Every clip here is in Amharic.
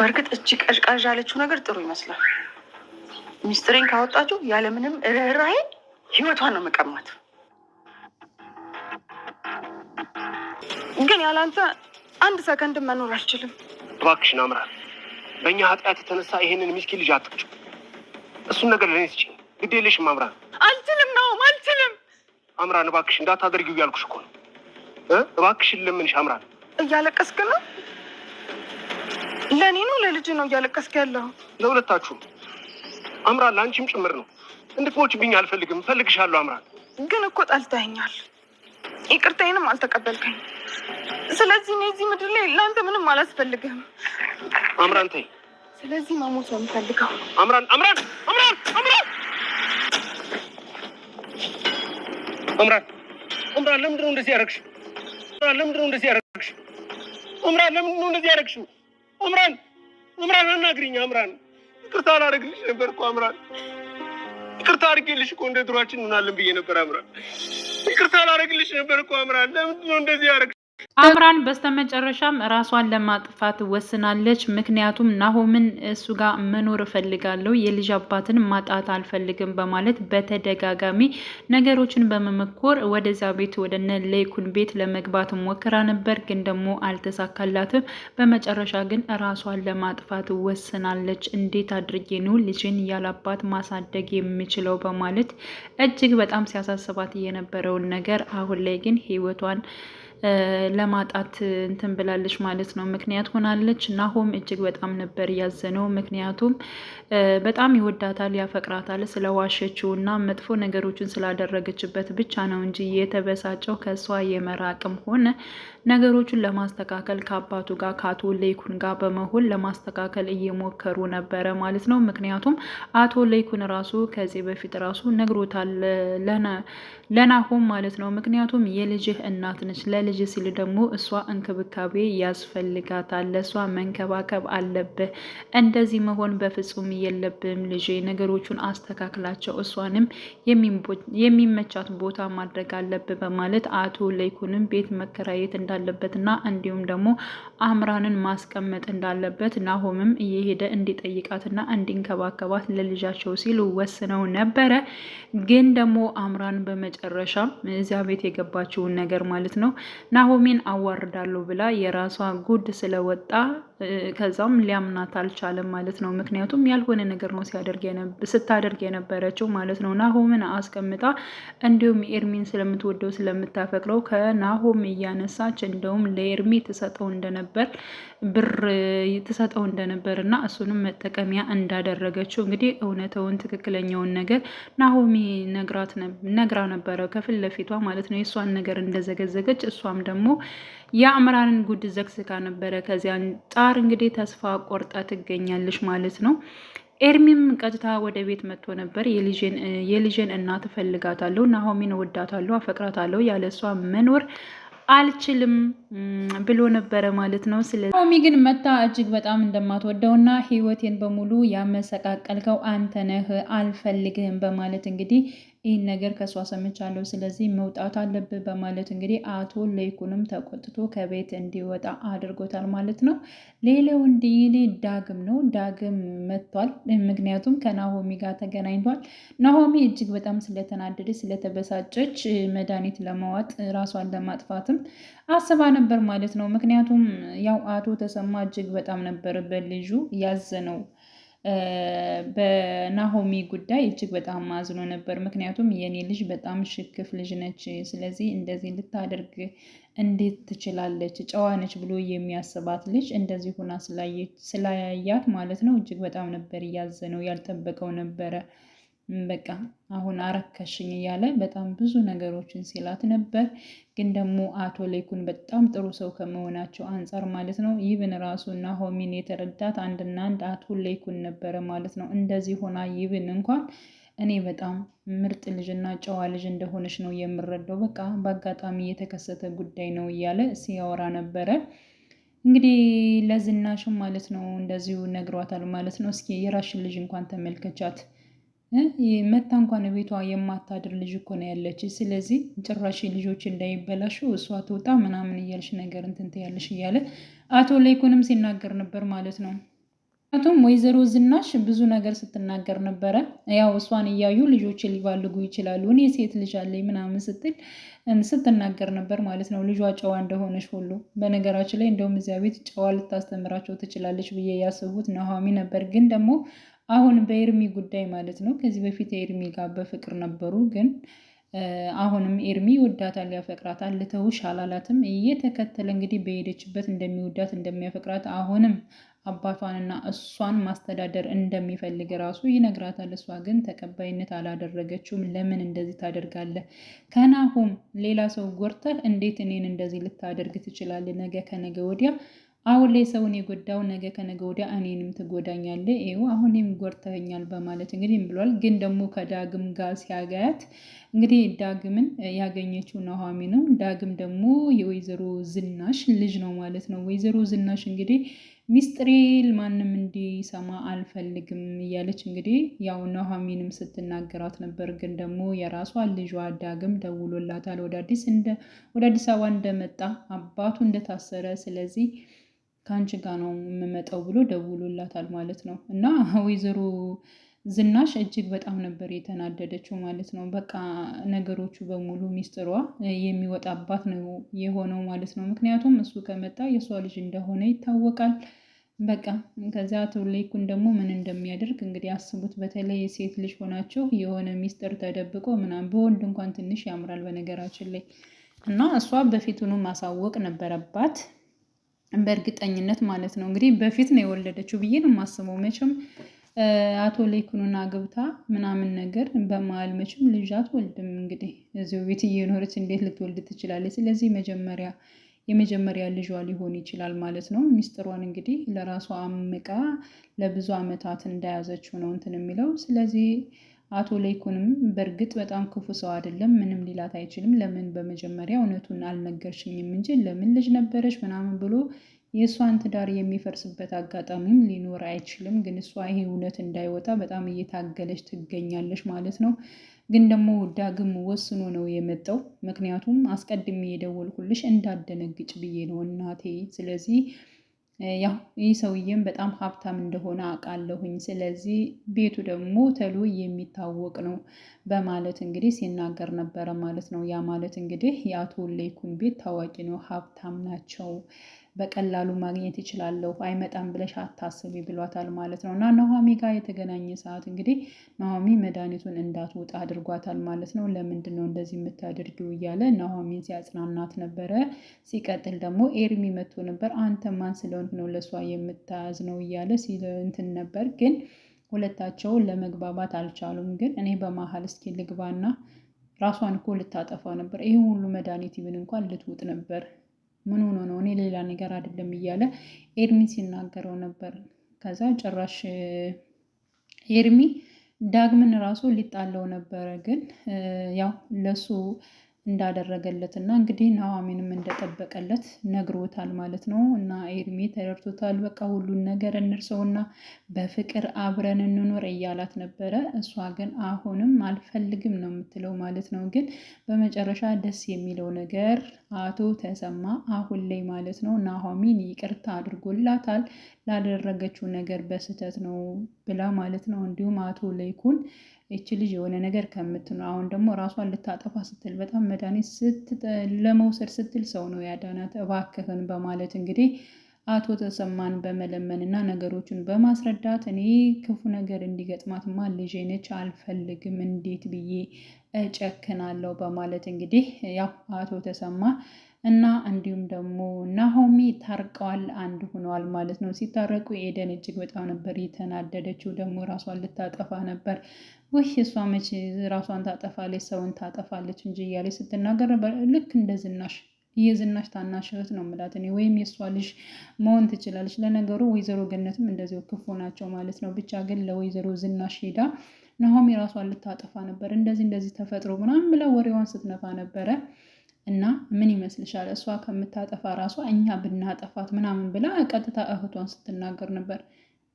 በእርግጥ እቺ ቀዥቃዥ ያለችው ነገር ጥሩ ይመስላል። ሚስጥሬን ካወጣችሁ ያለምንም ርኅራሄ ህይወቷን ነው መቀማት። ግን ያለአንተ አንድ ሰከንድ መኖር አልችልም። እባክሽን አምራት፣ በእኛ ኃጢአት የተነሳ ይሄንን ሚስኪን ልጅ አትቅጭ። እሱን ነገር ለኔ ስጭኝ። ግድ የለሽም አምራን። አልችልም ነው አልችልም። አምራን እባክሽ እንዳታደርጊው እያልኩሽ እኮ ነው። እባክሽን ለምንሽ አምራን። እያለቀስክ ነው ለእኔ ነው ለልጅ ነው እያለቀስክ ያለው? ለሁለታችሁ አምራል፣ ለአንቺም ጭምር ነው። እንድትሞችብኝ አልፈልግም። እፈልግሻለሁ አምራል። ግን እኮ ጠልተኸኛል፣ ይቅርታዬንም አልተቀበልከኝ። ስለዚህ እኔ እዚህ ምድር ላይ ለአንተ ምንም አላስፈልግህም። አምራን ተይ። ስለዚህ መሞት ነው የምፈልገው። አምራን አምራን አምራን አምራን አምራን አምራን፣ ለምንድን ነው እንደዚህ ያደረግሽው? አምራን ለምንድን ነው እንደዚህ ያደረግሽው? አምራን ለምንድን ነው እንደዚህ ያደረግሽው? አምራን አምራን አናግሪኝ። አምራን ይቅርታ አላደርግልሽ ነበር እኮ አምራን። ይቅርታ አድርጌልሽ እኮ እንደ ድሯችን እንሆናለን ብዬ ነበር አምራን። ይቅርታ አላደርግልሽ ነበር እኮ አምራን። ለምንድን ነው እንደዚህ ያደረግ አምራን በስተመጨረሻም ራሷን ለማጥፋት ወስናለች። ምክንያቱም ናሆምን እሱ ጋር መኖር እፈልጋለሁ፣ የልጅ አባትን ማጣት አልፈልግም በማለት በተደጋጋሚ ነገሮችን በመመኮር ወደዚያ ቤት ወደ ሌኩን ቤት ለመግባት ሞክራ ነበር፣ ግን ደግሞ አልተሳካላትም። በመጨረሻ ግን ራሷን ለማጥፋት ወስናለች። እንዴት አድርጌ ነው ልጅን ያላባት ማሳደግ የምችለው በማለት እጅግ በጣም ሲያሳስባት የነበረውን ነገር አሁን ላይ ግን ህይወቷን ለማጣት እንትን ብላለች ማለት ነው ምክንያት ሆናለች። ናሆም እጅግ በጣም ነበር ያዘነው። ምክንያቱም በጣም ይወዳታል፣ ያፈቅራታል። ስለዋሸችው እና መጥፎ ነገሮችን ስላደረገችበት ብቻ ነው እንጂ የተበሳጨው ከእሷ የመራቅም ሆነ ነገሮቹን ለማስተካከል ከአባቱ ጋር ከአቶ ለይኩን ጋር በመሆን ለማስተካከል እየሞከሩ ነበረ ማለት ነው። ምክንያቱም አቶ ለይኩን ራሱ ከዚህ በፊት ራሱ ነግሮታል ለናሆም ማለት ነው። ምክንያቱም የልጅህ እናት ነች፣ ለልጅ ሲል ደግሞ እሷ እንክብካቤ ያስፈልጋታል፣ ለእሷ መንከባከብ አለብህ። እንደዚህ መሆን በፍጹም የለብህም ልጄ። ነገሮቹን አስተካክላቸው፣ እሷንም የሚመቻት ቦታ ማድረግ አለብህ በማለት አቶ ለይኩንም ቤት መከራየት እና እንዲሁም ደግሞ አምራንን ማስቀመጥ እንዳለበት ናሆምም እየሄደ እንዲጠይቃትና እንዲንከባከባት ለልጃቸው ሲሉ ወስነው ነበረ። ግን ደግሞ አምራን በመጨረሻ እዚያ ቤት የገባችውን ነገር ማለት ነው ናሆሜን አዋርዳለሁ ብላ የራሷ ጉድ ስለወጣ ከዛም ሊያምናት አልቻለም ማለት ነው። ምክንያቱም ያልሆነ ነገር ነው ስታደርግ የነበረችው ማለት ነው። ናሆምን አስቀምጣ እንዲሁም ኤርሚን ስለምትወደው ስለምታፈቅረው ከናሆም እያነሳች እንደውም ለኤርሚ ትሰጠው እንደነበር ብር ትሰጠው እንደነበር እና እሱንም መጠቀሚያ እንዳደረገችው እንግዲህ እውነተውን ትክክለኛውን ነገር ናሆሚ ነግራት ነግራ ነበረ ከፊት ለፊቷ ማለት ነው የእሷን ነገር እንደዘገዘገች እሷም ደግሞ የአምራንን ጉድ ዘግዝጋ ነበረ። ከዚያ ጣር እንግዲህ ተስፋ ቆርጣ ትገኛለች ማለት ነው። ኤርሚም ቀጥታ ወደ ቤት መጥቶ ነበር። የልጄን እናት እፈልጋታለሁ፣ ናሆሚን እወዳታለሁ፣ አፈቅራታለሁ ያለ እሷ መኖር አልችልም ብሎ ነበረ ማለት ነው። ስለዚህ ግን መታ እጅግ በጣም እንደማትወደው እና ህይወቴን በሙሉ ያመሰቃቀልከው አንተ ነህ አልፈልግህም በማለት እንግዲህ ይህን ነገር ከእሷ ሰምቻለሁ፣ ስለዚህ መውጣት አለብህ በማለት እንግዲህ አቶ ለይኩንም ተቆጥቶ ከቤት እንዲወጣ አድርጎታል ማለት ነው። ሌላው እንግዲህ ዳግም ነው። ዳግም መጥቷል። ምክንያቱም ከናሆሚ ጋር ተገናኝቷል። ናሆሚ እጅግ በጣም ስለተናደደች ስለተበሳጨች መድኃኒት ለማዋጥ ራሷን ለማጥፋትም አስባ ነበር ማለት ነው። ምክንያቱም ያው አቶ ተሰማ እጅግ በጣም ነበር በልጁ ያዘነው። በናሆሚ ጉዳይ እጅግ በጣም አዝኖ ነበር። ምክንያቱም የኔ ልጅ በጣም ሽክፍ ልጅ ነች፣ ስለዚህ እንደዚህ ልታደርግ እንዴት ትችላለች? ጨዋ ነች ብሎ የሚያስባት ልጅ እንደዚህ ሁና ስላያት ማለት ነው እጅግ በጣም ነበር እያዘነው፣ ያልጠበቀው ነበረ። በቃ አሁን አረከሽኝ እያለ በጣም ብዙ ነገሮችን ሲላት ነበር። ግን ደግሞ አቶ ሌኩን በጣም ጥሩ ሰው ከመሆናቸው አንጻር ማለት ነው ይብን ራሱ ሆሚን የተረዳት አንድና አንድ አቶ ሌኩን ነበረ ማለት ነው። እንደዚህ ሆና ይብን እንኳን እኔ በጣም ምርጥ ልጅና ጨዋ ልጅ እንደሆነች ነው የምረዳው። በቃ በአጋጣሚ የተከሰተ ጉዳይ ነው እያለ ሲያወራ ነበረ። እንግዲህ ለዝናሽም ማለት ነው እንደዚሁ ነግሯታል ማለት ነው። እስኪ የራሽን ልጅ እንኳን ተመልከቻት መታ እንኳን ቤቷ የማታድር ልጅ እኮ ነው ያለች። ስለዚህ ጭራሽ ልጆች እንዳይበላሹ እሷ ትውጣ ምናምን እያልሽ ነገር እንትን ትያለሽ እያለ አቶ ላይኩንም ሲናገር ነበር ማለት ነው። ምክንያቱም ወይዘሮ ዝናሽ ብዙ ነገር ስትናገር ነበረ። ያው እሷን እያዩ ልጆች ሊባልጉ ይችላሉ፣ እኔ ሴት ልጅ አለኝ ምናምን ስትል ስትናገር ነበር ማለት ነው። ልጇ ጨዋ እንደሆነች ሁሉ በነገራችን ላይ እንደውም እዚያ ቤት ጨዋ ልታስተምራቸው ትችላለች ብዬ ያስቡት ነሐሚ ነበር። ግን ደግሞ አሁን በኤርሚ ጉዳይ ማለት ነው። ከዚህ በፊት ኤርሚ ጋር በፍቅር ነበሩ፣ ግን አሁንም ኤርሚ ይወዳታል፣ ያፈቅራታል። ልተውሽ አላላትም። እየተከተለ እንግዲህ በሄደችበት እንደሚወዳት እንደሚያፈቅራት አሁንም አባቷንና እሷን ማስተዳደር እንደሚፈልግ ራሱ ይነግራታል። እሷ ግን ተቀባይነት አላደረገችውም። ለምን እንደዚህ ታደርጋለህ? ከናሁም ሌላ ሰው ጎርተህ እንዴት እኔን እንደዚህ ልታደርግ ትችላለህ? ነገ ከነገ ወዲያ አሁን ላይ ሰውን የጎዳው ነገ ከነገ ወዲያ እኔንም ትጎዳኛለ፣ ይኸው አሁንም ጎድተኸኛል በማለት እንግዲህ ብሏል። ግን ደግሞ ከዳግም ጋር ሲያጋያት እንግዲህ ዳግምን ያገኘችው ኑሃሚ ነው። ዳግም ደግሞ የወይዘሮ ዝናሽ ልጅ ነው ማለት ነው። ወይዘሮ ዝናሽ እንግዲህ ሚስጥሬል ማንም እንዲሰማ አልፈልግም እያለች እንግዲህ ያው ኑሃሚንም ስትናገራት ነበር። ግን ደግሞ የራሷ ልጇ ዳግም ደውሎላታል ወደ አዲስ አበባ እንደመጣ አባቱ እንደታሰረ ስለዚህ ከአንቺ ጋ ነው የምመጣው ብሎ ደውሎላታል ማለት ነው። እና ወይዘሮ ዝናሽ እጅግ በጣም ነበር የተናደደችው ማለት ነው። በቃ ነገሮቹ በሙሉ ሚስጥሯ የሚወጣባት ነው የሆነው ማለት ነው። ምክንያቱም እሱ ከመጣ የእሷ ልጅ እንደሆነ ይታወቃል። በቃ ከዚያ ትውልኩን ደግሞ ምን እንደሚያደርግ እንግዲህ አስቡት። በተለይ ሴት ልጅ ሆናችሁ የሆነ ሚስጥር ተደብቆ ምናምን በወንድ እንኳን ትንሽ ያምራል በነገራችን ላይ እና እሷ በፊቱኑ ማሳወቅ ነበረባት። በእርግጠኝነት ማለት ነው እንግዲህ በፊት ነው የወለደችው ብዬ ነው የማስበው። መቼም አቶ ላይኩኑና ገብታ ምናምን ነገር በመሀል መቼም ልጅ አትወልድም። እንግዲህ እዚሁ ቤት እየኖረች እንዴት ልትወልድ ትችላለች? ስለዚህ መጀመሪያ የመጀመሪያ ልጇ ሊሆን ይችላል ማለት ነው። ሚስጥሯን እንግዲህ ለራሷ አምቃ ለብዙ ዓመታት እንደያዘችው ነው እንትን የሚለው ስለዚህ አቶ ለይኩንም በእርግጥ በጣም ክፉ ሰው አይደለም፣ ምንም ሊላት አይችልም። ለምን በመጀመሪያ እውነቱን አልነገርሽኝም እንጂ ለምን ልጅ ነበረች ምናምን ብሎ የእሷን ትዳር የሚፈርስበት አጋጣሚም ሊኖር አይችልም። ግን እሷ ይሄ እውነት እንዳይወጣ በጣም እየታገለች ትገኛለች ማለት ነው። ግን ደግሞ ዳግም ወስኖ ነው የመጣው። ምክንያቱም አስቀድሜ የደወልኩልሽ እንዳደነግጭ ብዬ ነው እናቴ። ስለዚህ ያው ይህ ሰውዬም በጣም ሀብታም እንደሆነ አውቃለሁኝ። ስለዚህ ቤቱ ደግሞ ተሎ የሚታወቅ ነው በማለት እንግዲህ ሲናገር ነበረ ማለት ነው። ያ ማለት እንግዲህ የአቶ ሌይኩን ቤት ታዋቂ ነው፣ ሀብታም ናቸው በቀላሉ ማግኘት ይችላለሁ አይመጣም ብለሽ አታስቢ ብሏታል ማለት ነው። እና ናሆሚ ጋር የተገናኘ ሰዓት እንግዲህ ናሆሚ መድኃኒቱን እንዳትውጥ አድርጓታል ማለት ነው። ለምንድን ነው እንደዚህ የምታደርጊው እያለ ናሆሚን ሲያጽናናት ነበረ። ሲቀጥል ደግሞ ኤርሚ መጥቶ ነበር። አንተ ማን ስለሆንክ ነው ለእሷ የምታያዝ ነው እያለ ሲለንትን ነበር ግን ሁለታቸው ለመግባባት አልቻሉም። ግን እኔ በመሀል እስኪ ልግባና ራሷን እኮ ልታጠፋ ነበር። ይህ ሁሉ መድኃኒት ይብን እንኳን ልትውጥ ነበር ምን ሆኖ ነው እኔ ሌላ ነገር አይደለም እያለ ኤርሚ ሲናገረው ነበር። ከዛ ጭራሽ ኤርሚ ዳግምን ራሱ ሊጣለው ነበረ ግን ያው ለሱ እንዳደረገለትና እንግዲህ ኑሃሚንም እንደጠበቀለት ነግሮታል ማለት ነው። እና ኤርሚ ተረድቶታል። በቃ ሁሉን ነገር እንርሰውና በፍቅር አብረን እንኖር እያላት ነበረ። እሷ ግን አሁንም አልፈልግም ነው የምትለው ማለት ነው። ግን በመጨረሻ ደስ የሚለው ነገር አቶ ተሰማ አሁን ላይ ማለት ነው ኑሃሚን ይቅርታ አድርጎላታል። ላደረገችው ነገር በስህተት ነው ብላ ማለት ነው። እንዲሁም አቶ ለይኩን ይቺ ልጅ የሆነ ነገር ከምትኖ አሁን ደግሞ ራሷን ልታጠፋ ስትል በጣም መድኃኒት ለመውሰድ ስትል ሰው ነው ያዳናት እባክህን በማለት እንግዲህ አቶ ተሰማን በመለመን እና ነገሮችን በማስረዳት እኔ ክፉ ነገር እንዲገጥማትማ ልጄ ነች አልፈልግም፣ እንዴት ብዬ እጨክናለሁ በማለት እንግዲህ ያው አቶ ተሰማ እና እንዲሁም ደግሞ ናሆሚ ታርቀዋል፣ አንድ ሆነዋል ማለት ነው። ሲታረቁ ኤደን እጅግ በጣም ነበር የተናደደችው። ደግሞ ራሷን ልታጠፋ ነበር ውህ እሷ መቼ ራሷን ታጠፋለች ሰውን ታጠፋለች እንጂ እያለች ስትናገር ነበር። ልክ እንደ ዝናሽ የዝናሽ ታናሽ እህት ነው የምላት እኔ ወይም የእሷ ልጅ መሆን ትችላለች። ለነገሩ ወይዘሮ ገነትም እንደዚው ክፉ ናቸው ማለት ነው። ብቻ ግን ለወይዘሮ ዝናሽ ሄዳ ናሆም የራሷን ልታጠፋ ነበር እንደዚህ እንደዚህ ተፈጥሮ ምናምን ብላ ወሬዋን ስትነፋ ነበረ። እና ምን ይመስልሻል እሷ ከምታጠፋ ራሷ እኛ ብናጠፋት ምናምን ብላ ቀጥታ እህቷን ስትናገር ነበር።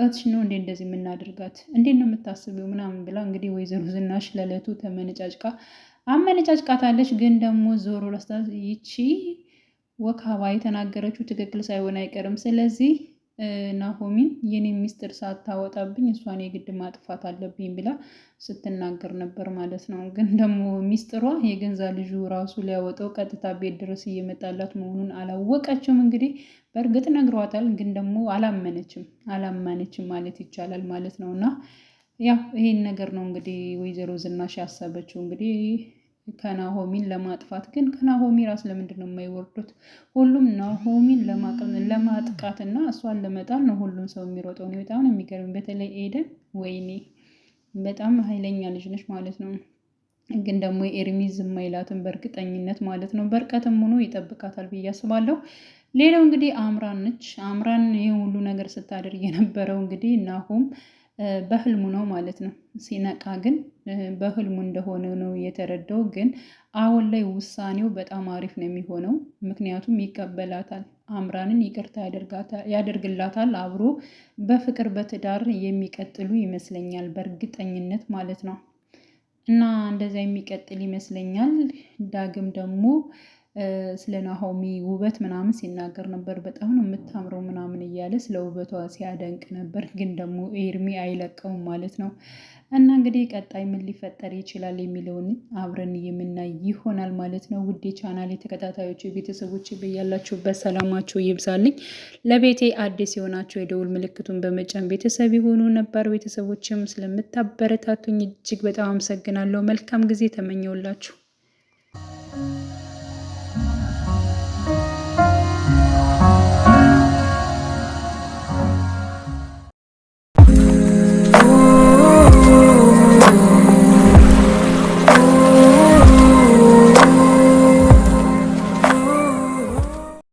እህትሽ ነው እንዴ እንደዚህ የምናደርጋት? እንዴት ነው የምታስቢው? ምናምን ብላ እንግዲህ ወይዘሮ ዝናሽ ለለቱ ተመነጫጭቃ አመነጫጭቃታለች። ግን ደግሞ ዞሮ ለስታ ይቺ ወካባ የተናገረችው ትክክል ሳይሆን አይቀርም። ስለዚህ ናሆሚን የኔ ሚስጥር ሳታወጣብኝ እሷን የግድ ማጥፋት አለብኝ ብላ ስትናገር ነበር ማለት ነው። ግን ደግሞ ሚስጥሯ የገንዛ ልጁ ራሱ ሊያወጣው ቀጥታ ቤት ድረስ እየመጣላት መሆኑን አላወቀችም። እንግዲህ በእርግጥ ነግሯታል፣ ግን ደግሞ አላመነችም አላመነችም ማለት ይቻላል ማለት ነው። እና ያው ይሄን ነገር ነው እንግዲህ ወይዘሮ ዝናሽ ያሰበችው እንግዲህ ከናሆሚን ለማጥፋት ግን ከናሆሚ ራስ ለምንድን ነው የማይወርዱት? ሁሉም ናሆሚን ለማጥቃት እና እሷን ለመጣል ነው ሁሉም ሰው የሚሮጠው። እኔ በጣም ነው የሚገርም። በተለይ ኤደን ወይኔ በጣም ኃይለኛ ልጅ ነች ማለት ነው። ግን ደግሞ ኤርሚ ዝም አይላትም በእርግጠኝነት ማለት ነው። በርቀትም ሆኖ ይጠብቃታል ብዬ አስባለሁ። ሌላው እንግዲህ አምራን ነች። አምራን ይህ ሁሉ ነገር ስታደርግ የነበረው እንግዲህ ናሆም በህልሙ ነው ማለት ነው። ሲነቃ ግን በህልሙ እንደሆነ ነው የተረዳው። ግን አሁን ላይ ውሳኔው በጣም አሪፍ ነው የሚሆነው፣ ምክንያቱም ይቀበላታል፣ አምራንን ይቅርታ ያደርግላታል። አብሮ በፍቅር በትዳር የሚቀጥሉ ይመስለኛል፣ በእርግጠኝነት ማለት ነው። እና እንደዚያ የሚቀጥል ይመስለኛል። ዳግም ደግሞ ስለ ናሆሚ ውበት ምናምን ሲናገር ነበር። በጣም ነው የምታምረው ምናምን እያለ ስለ ውበቷ ሲያደንቅ ነበር። ግን ደግሞ ኤርሚ አይለቀውም ማለት ነው። እና እንግዲህ ቀጣይ ምን ሊፈጠር ይችላል የሚለውን አብረን የምናይ ይሆናል ማለት ነው። ውዴ ቻናል የተከታታዮች ቤተሰቦች በያላችሁበት ሰላማችሁ ይብዛልኝ። ለቤቴ አዲስ የሆናችሁ የደውል ምልክቱን በመጫን ቤተሰብ የሆኑ ነበር ቤተሰቦችም ስለምታበረታቱኝ እጅግ በጣም አመሰግናለሁ። መልካም ጊዜ ተመኘውላችሁ።